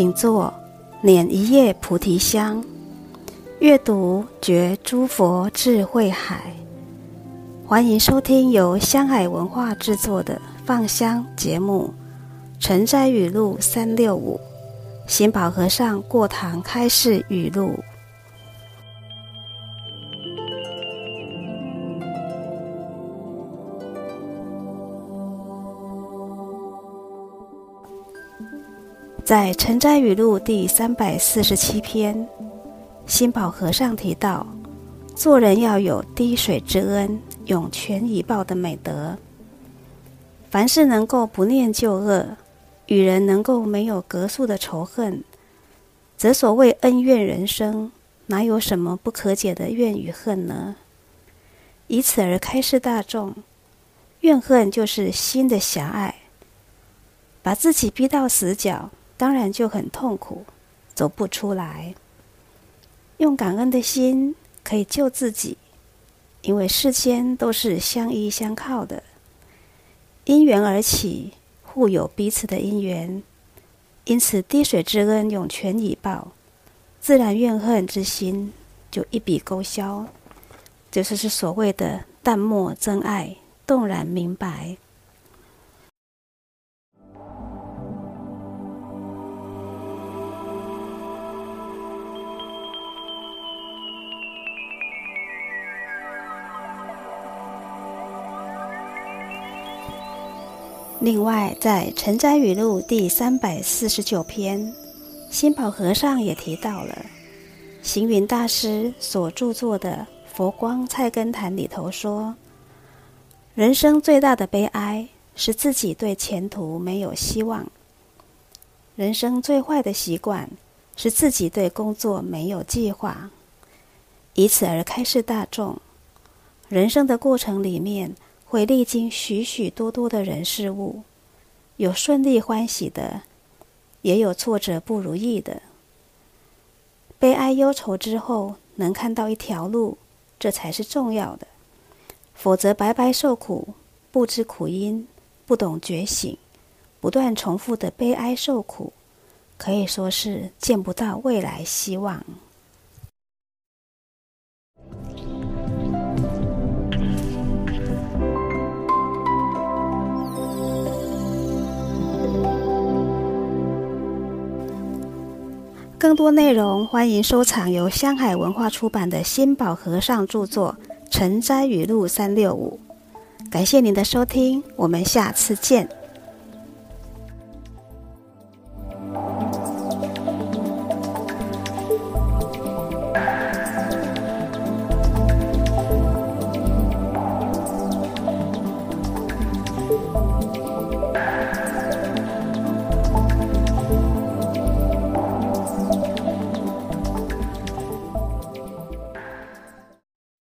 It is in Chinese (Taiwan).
請坐，捻一葉菩提香，閱讀覺諸佛智慧海。歡迎收聽由香海文化製作的放香節目《沉齋語錄》三六五，行寶和尚過堂開示語錄。在《晨齋語錄》第三百四十七篇，心保和尚提到，做人要有滴水之恩，湧泉以報的美德。凡事能夠不念舊惡，與人能夠沒有隔宿的仇恨，則所謂恩怨人生，哪有什麼不可解的怨與恨呢？以此而開示大眾，怨恨就是心的狹隘，把自己逼到死角。當然就很痛苦，走不出來。用感恩的心可以救自己，因為世間都是相依相靠的，因緣而起，互有彼此的因緣，因此滴水之恩湧泉以報，自然怨恨之心就一筆勾銷。這就是所謂的淡漠真愛，頓然明白。另外，在《沉齋語錄》第三百四十九篇，新寶和尚也提到了行雲大師所著作的《佛光菜根譚》裡頭說：“人生最大的悲哀是自己對前途沒有希望；人生最壞的習慣是自己對工作沒有計劃。”以此而開示大眾，人生的過程裡面，會歷經許許多多的人事物，有順利歡喜的，也有挫折不如意的。悲哀憂愁之後，能看到一條路，這才是重要的。否則白白受苦，不知苦因，不懂覺醒，不斷重複的悲哀受苦，可以說是見不到未來希望。更多內容，歡迎收藏由香海文化出版的《心保和尚著作·晨齋語錄三六五》。感謝您的收聽，我們下次見。